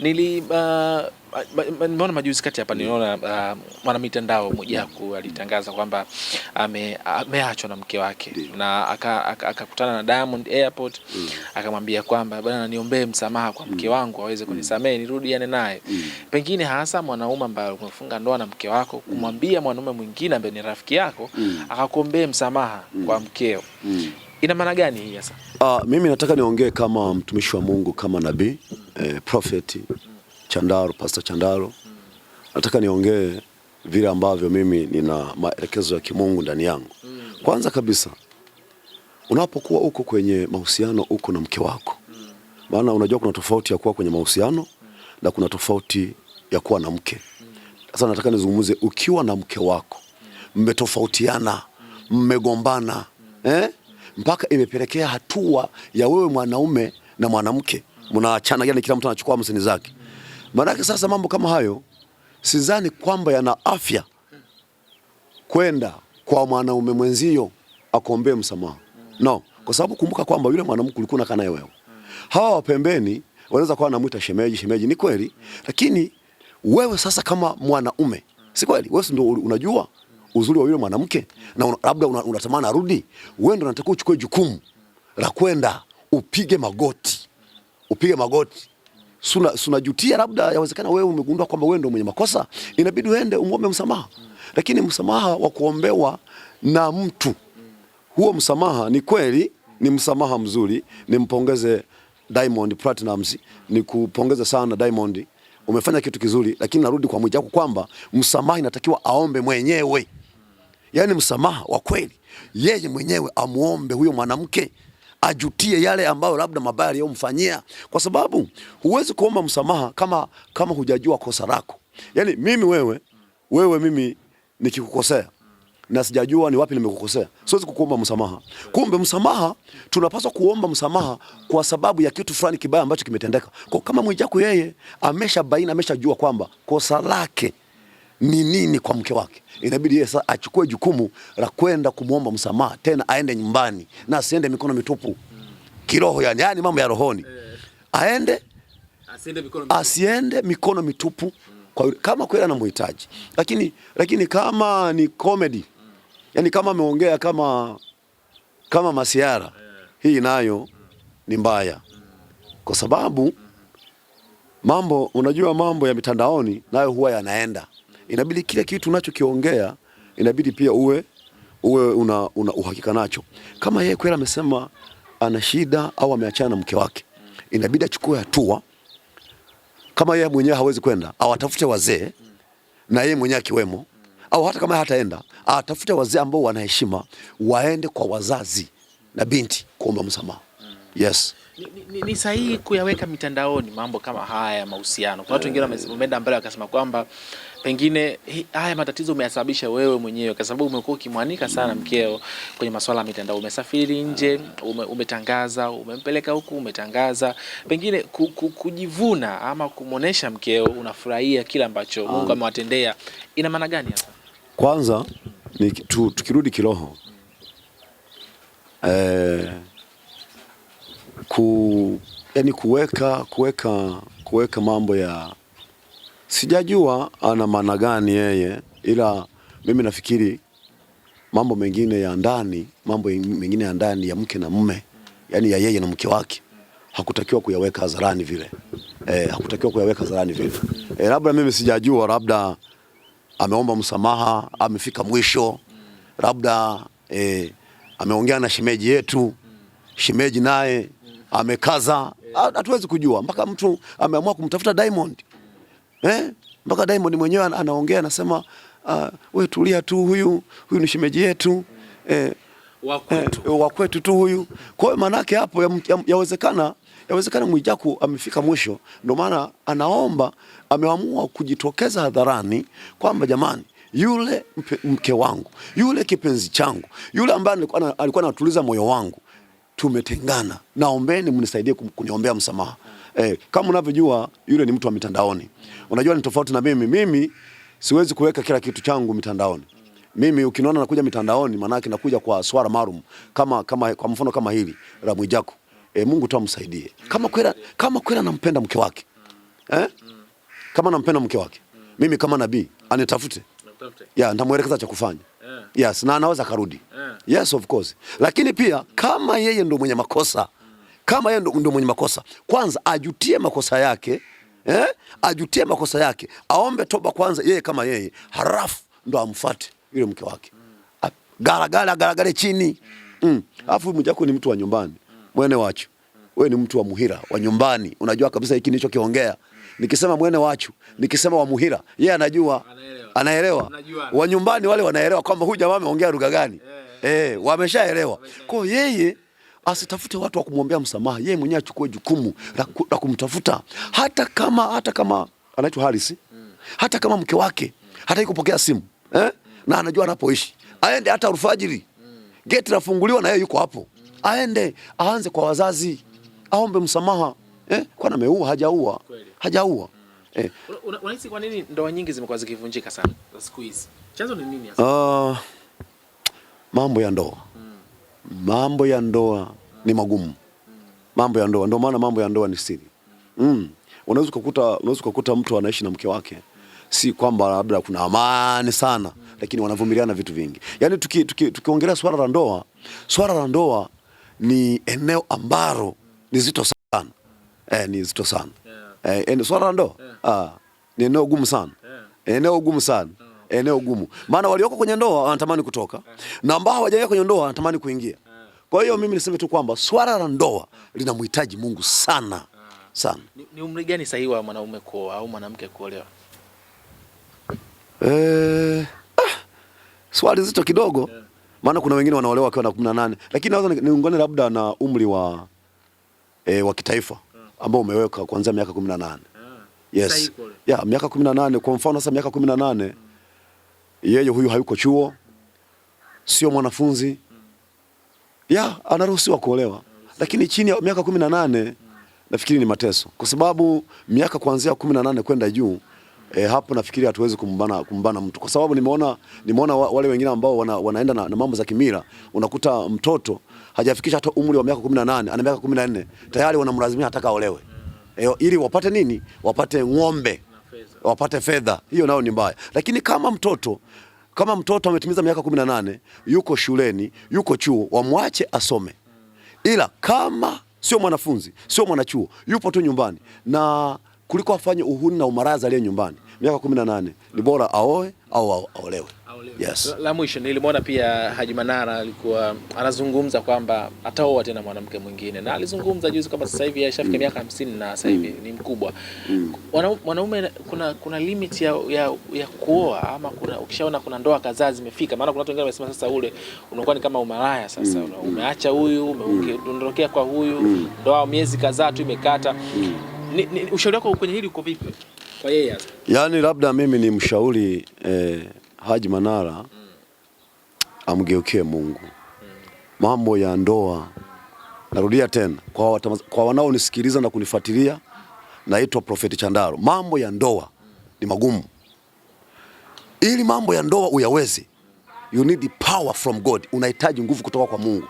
nili uh, nimeona majuzi kati hapa niliona uh, mwanamitandao Mwijaku alitangaza kwamba ameachwa na mke wake na akakutana na Diamond Airport, mm. akamwambia kwamba bwana, niombee msamaha kwa mke mm. wangu aweze mm. kunisamehe nirudiane naye. Pengine hasa mwanaume ambaye umefunga ndoa na mke wako, kumwambia mwanaume mwingine ambaye ni rafiki yako akakuombee msamaha kwa mkeo ina maana gani hii sasa? Uh, ah, mimi nataka niongee kama mtumishi wa Mungu kama nabii eh, prophet Chandaro, Pastor Chandaro, nataka niongee vile ambavyo mimi nina maelekezo ya kimungu ndani yangu. Kwanza kabisa unapokuwa uko kwenye mahusiano uko na mke wako, maana unajua kuna tofauti ya kuwa kwenye mahusiano na kuna tofauti ya kuwa na mke. Sasa nataka nizungumze, ukiwa na mke wako mmetofautiana, mmegombana eh? mpaka imepelekea hatua ya wewe mwanaume na mwanamke mnaachana, yani kila mtu anachukua hamsini zake. Maanake sasa mambo kama hayo sidhani kwamba yana afya kwenda kwa mwanaume mwenzio akuombee msamaha, no, kwa sababu kumbuka kwamba yule mwanamke ulikuwa unakaa naye wewe. Hawa pembeni wanaweza kuwa wanamuita shemeji, shemeji ni kweli, lakini wewe sasa kama mwanaume, si kweli, wewe ndio unajua uzuri wa yule mwanamke na un, labda un, unatamani arudi, wewe ndo unataka uchukue jukumu la kwenda upige magoti, upige magoti suna sunajutia, labda yawezekana wewe umegundua kwamba wewe ndio mwenye makosa, inabidi uende umwombe msamaha. Lakini msamaha wa kuombewa na mtu huo msamaha ni kweli, ni msamaha mzuri, nimpongeze Diamond Platnumz, nikupongeza sana Diamond, umefanya kitu kizuri, lakini narudi kwa mwiji kwamba msamaha inatakiwa aombe mwenyewe yani msamaha wa kweli, yeye mwenyewe amuombe huyo mwanamke ajutie yale ambayo labda mabaya aliyomfanyia, kwa sababu huwezi kuomba msamaha kama, kama hujajua kosa lako. Yani mimi wewe wewe mimi nikikukosea na sijajua ni wapi nimekukosea, siwezi kukuomba msamaha. Kumbe msamaha tunapaswa kuomba msamaha kwa sababu ya kitu fulani kibaya ambacho kimetendeka. Kwa kama Mwijaku yeye amesha baini, ameshajua kwamba kosa lake ni nini kwa mke wake, inabidi yeye sasa achukue jukumu la kwenda kumwomba msamaha, tena aende nyumbani na asiende mikono mitupu kiroho, yani, yani mambo ya rohoni eh. aende asiende mikono mitupu, asiende mikono mitupu kwa kama kweli anamhitaji, lakini lakini kama ni comedy yani kama ameongea kama kama masiara eh. hii nayo ni mbaya, kwa sababu mambo unajua, mambo ya mitandaoni nayo huwa yanaenda inabidi kila kitu unachokiongea inabidi pia uwe uwe una, una uhakika nacho. Kama yeye kweli amesema ana shida au ameachana na mke wake, inabidi achukue hatua. Kama yeye mwenyewe hawezi kwenda, awatafute wazee na yeye mwenyewe akiwemo, au hata kama hataenda, atafute wazee ambao wana heshima, waende kwa wazazi na binti kuomba msamaha. Yes. Ni, ni, ni sahihi kuyaweka mitandaoni mambo kama haya ya mahusiano? Kuna watu wengine wameenda mbele wakasema kwamba pengine haya matatizo umeyasababisha wewe mwenyewe, kwa sababu umekuwa ukimwanika sana mkeo kwenye masuala ya mitandao. Umesafiri nje, ume, umetangaza, umempeleka huku, umetangaza, pengine kujivuna ama kumwonesha mkeo unafurahia kile ambacho ah. Mungu amewatendea, ina maana gani hasa? Kwanza ni tu, tukirudi kiroho eh, ku, yani kuweka kuweka kuweka mambo ya Sijajua ana maana gani yeye, ila mimi nafikiri mambo mengine ya ndani, mambo mengine ya ndani ya mke na mume, yani ya yeye na mke wake hakutakiwa kuyaweka hadharani vile e, hakutakiwa kuyaweka hadharani vile e, labda mimi sijajua, labda ameomba msamaha, amefika mwisho, labda e, ameongea na shemeji yetu, shemeji naye amekaza. Ah, hatuwezi kujua mpaka mtu ameamua kumtafuta Diamond eh? Mpaka Diamond mwenyewe anaongea anasema, uh, ah, we tulia tu, huyu huyu ni shemeji yetu eh, wakwetu eh, wakwetu eh, tu huyu. Kwa hiyo manake hapo yawezekana ya, ya yawezekana Mwijaku amefika mwisho, ndio maana anaomba, ameamua kujitokeza hadharani kwamba jamani, yule mke wangu, yule kipenzi changu, yule ambaye alikuwa anatuliza moyo wangu, tumetengana, naombeni mnisaidie kuniombea msamaha. Eh, kama unavyojua yule ni mtu wa mitandaoni. Unajua ni tofauti na mimi. Mimi siwezi kuweka kila kitu changu mitandaoni. Mimi ukiniona nakuja mitandaoni maana yake nakuja kwa swala maalum kama kama kwa mfano kama hili la Mwijaku. Eh, Mungu tu amsaidie. Kama kweli kama kweli anampenda mke wake. Eh? Kama anampenda mke wake. Mimi kama nabii anitafute. Ya, nitamwelekeza cha kufanya. Eh. Yes, na anaweza karudi. Eh. Yes, of course. Lakini pia kama yeye ndo mwenye makosa kama yeye ndio mwenye makosa, kwanza ajutie makosa yake eh? Ajutie makosa yake, aombe toba kwanza yeye kama yeye, halafu ndo amfuate yule mke wake, garagara garagare chini mm. Alafu mjako ni mtu wa nyumbani, mwene wacho wewe ni mtu wa muhira wa nyumbani, unajua kabisa hiki nicho kiongea Nikisema mwene wachu, nikisema wa muhira, yeye yeah, anajua, anaelewa. Wa nyumbani wale wanaelewa kwamba huyu jamaa ameongea lugha gani, eh, eh wameshaelewa. Kwa hiyo yeye asitafute watu wa kumwombea msamaha, yeye mwenyewe achukue jukumu la kumtafuta, hata kama hata kama anaitwa Harris, hata kama mke wake hata kupokea simu eh, na anajua anapoishi, aende hata alfajiri, geti lafunguliwa na yeye yuko hapo, aende aanze kwa wazazi, aombe msamaha eh, kwa ameua hajaua, hajaua mm. eh. Unahisi kwa nini ndoa nyingi zimekuwa zikivunjika sana siku hizi? Chanzo ni nini hasa? Uh, mambo ya ndoa mm. mambo ya ndoa ni magumu. Mambo ya ndoa, ndio maana mambo ya ndoa ni siri. Mm. Unaweza kukuta unaweza kukuta mtu anaishi na mke wake si kwamba labda kuna amani sana, lakini wanavumiliana vitu vingi. Yaani tukiongelea tuki, tuki swala la ndoa, swala la ndoa ni eneo ambalo ni zito sana. Eh, ni zito sana. Eh, ene, swala la ndoa ah, ni eneo gumu sana. Eneo gumu sana. Eneo gumu. Maana walioko kwenye ndoa wanatamani kutoka na ambao hawajaingia kwenye ndoa wanatamani kuingia. Kwa hiyo mimi niseme tu kwamba swala la ndoa linamhitaji Mungu sana ah. sana. Ni, ni umri gani sahihi wa mwanaume kuoa au mwanamke kuolewa? Eh, ah, swali zito kidogo yeah. Maana kuna wengine wanaolewa wakiwa na 18 lakini naweza niungane labda na umri wa e, wa kitaifa eh. ambao umeweka kuanzia miaka 18. Yeah. Yes. Yeah, miaka 18 kwa mfano sasa miaka 18 mm. Yeye huyu hayuko chuo, sio mwanafunzi mm ya anaruhusiwa kuolewa, lakini chini ya miaka kumi na nane nafikiri ni mateso, kwa sababu miaka kuanzia kumi na nane kwenda juu E, hapo nafikiri hatuwezi kumbana, kumbana mtu kwa sababu nimeona, nimeona wale wengine ambao wana, wanaenda na, na mambo za kimila. Unakuta mtoto hajafikisha hata umri wa miaka nane ana miaka 14 tayari wanamlazimia ataka olewe e, eh, ili wapate nini? Wapate ng'ombe, wapate fedha. Hiyo nayo ni mbaya, lakini kama mtoto kama mtoto ametimiza miaka kumi na nane, yuko shuleni, yuko chuo, wamwache asome, ila kama sio mwanafunzi, sio mwanachuo, yupo tu nyumbani na kuliko afanye uhuni na umaraza aliye nyumbani miaka kumi na nane, ni bora aoe au aolewe. Yes. La mwisho nilimwona pia Haji Manara alikuwa anazungumza kwamba ataoa tena mwanamke mwingine, na alizungumza juzi kwamba sasa hivi ashafika miaka hamsini na sasa hivi mm. ni mkubwa mwanaume. Mm. Kuna, kuna limit ya, ya, ya kuoa ama kuna, ukishaona kuna ndoa kadhaa zimefika, maana kuna watu wengine wamesema sasa ule unakuwa ni kama umalaya sasa. Mm. mm. Umeacha huyu umeondokea mm. kwa huyu. Mm. Ndoa miezi kadhaa tu imekata. Mm. Ushauri wako kwenye hili uko vipi kwa yeye? sasa? Yaani labda mimi ni mshauri eh, Haji Manara amgeukie Mungu. Mambo ya ndoa, narudia tena kwa, kwa wanaonisikiliza na kunifuatilia, naitwa Profeti Chandaro. Mambo ya ndoa ni magumu, ili mambo ya ndoa uyaweze, you need power from God, unahitaji nguvu kutoka kwa Mungu.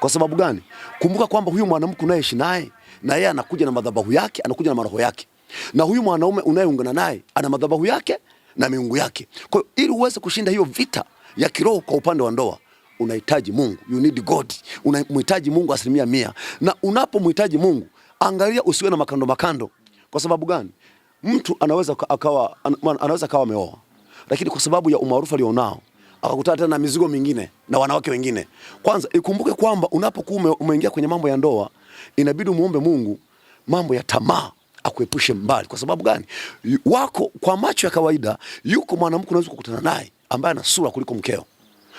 Kwa sababu gani? Kumbuka kwamba huyu mwanamke unayeishi naye na yeye anakuja na madhabahu yake, anakuja na maroho yake, na huyu mwanaume unayeungana naye ana madhabahu yake na miungu yake. Kwa hiyo ili uweze kushinda hiyo vita ya kiroho kwa upande wa ndoa unahitaji Mungu, you need God. Unamhitaji Mungu asilimia mia, na unapomhitaji Mungu angalia usiwe na makando makando. Kwa sababu gani? Mtu anaweza akawa anaweza akawa ameoa, lakini kwa sababu ya umaarufu alionao akakutana tena na mizigo mingine na wanawake wengine. Kwanza ikumbuke kwamba unapokuwa umeingia kwenye mambo ya ndoa, inabidi umuombe Mungu mambo ya tamaa akuepushe mbali. Kwa sababu gani? Wako kwa macho ya kawaida, yuko mwanamke unaweza kukutana naye ambaye ana sura kuliko mkeo,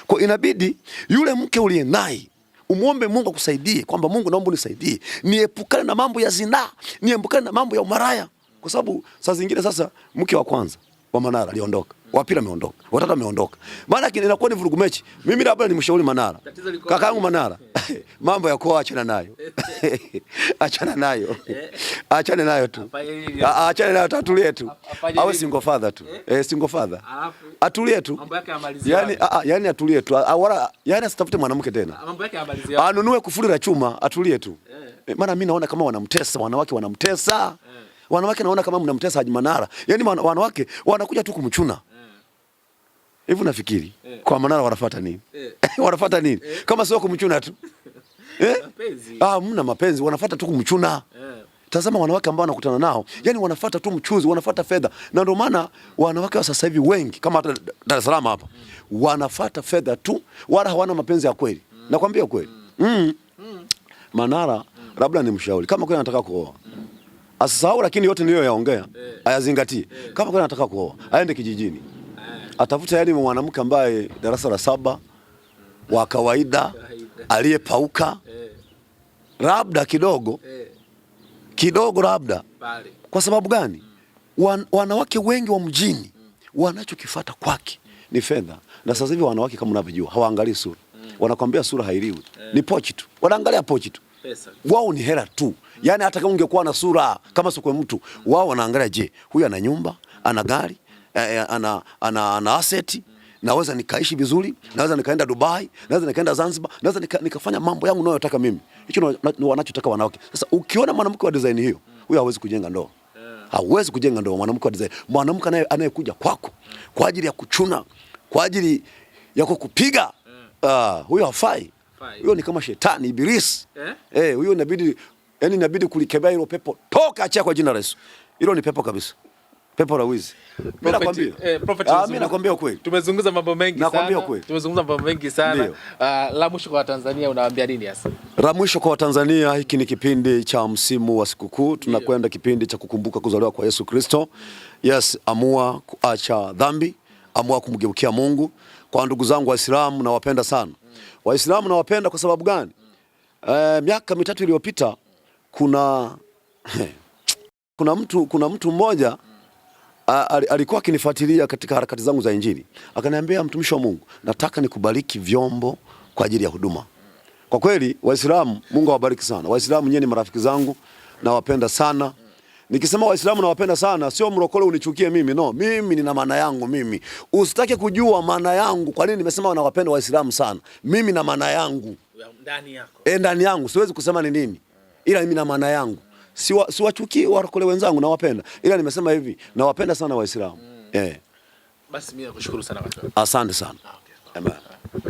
kwa inabidi yule mke uliye naye umwombe Mungu akusaidie, kwamba Mungu, naomba unisaidie niepukane na mambo ya zinaa, niepukane na mambo ya umaraya, kwa sababu saa zingine sasa mke wa kwanza wa Manara aliondoka, wa pili ameondoka, Wa tatu ameondoka, maana inakuwa ni vurugu mechi. Mimi labda nimshauri Manara, Kaka yangu Manara, mambo ya kuoa achana nayo, achana nayo, eh. achana nayo tu, achana nayo tu, atulie tu, au single father tu, eh, eh single father, atulie tu, Mambo yake amalizie. Yaani a, a, yani atulie tu, wala yani asitafute mwanamke tena, Mambo yake amalizie. anunue kufuli la chuma, atulie tu, eh. maana mimi naona kama wanamtesa wanawake, wanamtesa Wanawake naona kama mnamtesa Haji Manara, yaani wanawake wanakuja tu kumchuna eh. hivi. Nafikiri eh. kwa Manara wanafuata nini? Eh. wanafuata nini kama sio kumchuna tu eh? Ah, mna mapenzi, wanafuata tu kumchuna. Tazama wanawake ambao wanakutana nao, yani wanafuata tu mchuzi, wanafuata fedha, na ndio maana wanawake wa sasa hivi wengi kama hata Dar es Salaam hapa mm. wanafuata fedha tu, wala hawana mapenzi ya kweli. Mm. Nakwambia kweli. Mm. mm. Manara labda ni mshauri kama kweli anataka kuoa asisahau, lakini yote niliyoyaongea eh. ayazingatie. Eh. Kama kwani anataka kuoa aende kijijini, eh. atafuta yani mwanamke ambaye darasa la saba wa kawaida aliyepauka labda kidogo kidogo, labda kwa sababu gani? Hmm. Wan, wanawake wengi wa mjini hmm. wanachokifata kwake ni fedha, na sasa hivi wanawake kama unavyojua hawaangalii sura, hmm. wanakwambia sura hailiwi, ni pochi tu, wanaangalia pochi tu, wao ni hela tu. Yani hata kama ungekuwa na sura kama sikwe mtu, wao wanaangalia, je, huyu ana nyumba, ana gari, eh, eh, ana, ana, ana, asset, naweza nikaishi vizuri, naweza nikaenda Dubai, naweza nikaenda Zanzibar, naweza nika, nikafanya mambo yangu nayotaka mimi. Hicho ni wanachotaka wanawake. Sasa ukiona mwanamke wa design hiyo, huyu hawezi kujenga ndoa, hawezi kujenga ndoa. Mwanamke wa design, mwanamke anaye anayekuja kwako kwa ajili ya kuchuna, kwa ajili ya kukupiga, uh, ah, huyo hafai. Huyo ni kama shetani, ibilisi. Eh? eh, huyo inabidi yani inabidi kulikemea hilo pepo, toka, achia kwa jina la Yesu. Hilo ni pepo kabisa, pepo la wizi. Mimi nakwambia eh, prophet, ah, mimi nakwambia kweli, tumezungumza mambo mengi sana, nakwambia kweli, tumezungumza mambo mengi sana. Uh, la mwisho kwa Watanzania unawaambia nini hasa? La mwisho kwa Watanzania, hiki ni kipindi cha msimu wa sikukuu, tunakwenda kipindi cha kukumbuka kuzaliwa kwa Yesu Kristo. Yes, amua kuacha dhambi, amua kumgeukia Mungu. Kwa ndugu zangu Waislamu nawapenda sana, mm. Waislamu nawapenda kwa sababu gani? Uh, miaka mitatu iliyopita kuna he, kuna mtu kuna mtu mmoja alikuwa akinifuatilia katika harakati zangu za Injili, akaniambia, mtumishi wa Mungu, nataka nikubariki vyombo kwa ajili ya huduma. Kwa kweli Waislamu, Mungu awabariki sana Waislamu, nyenye ni marafiki zangu, nawapenda sana. Nikisema Waislamu nawapenda sana, sio mrokole unichukie mimi, no. Mimi nina maana yangu mimi, usitake kujua maana yangu. Kwa nini nimesema nawapenda Waislamu sana? Mimi na maana yangu ndani yako, e, ndani yangu siwezi kusema ni nini ila mimi na maana yangu siwachukii warokole wenzangu, nawapenda, ila nimesema hivi, nawapenda sana Waislamu. Mm. Eh. Basi mimi nakushukuru sana. Asante sana. Ah, Amen.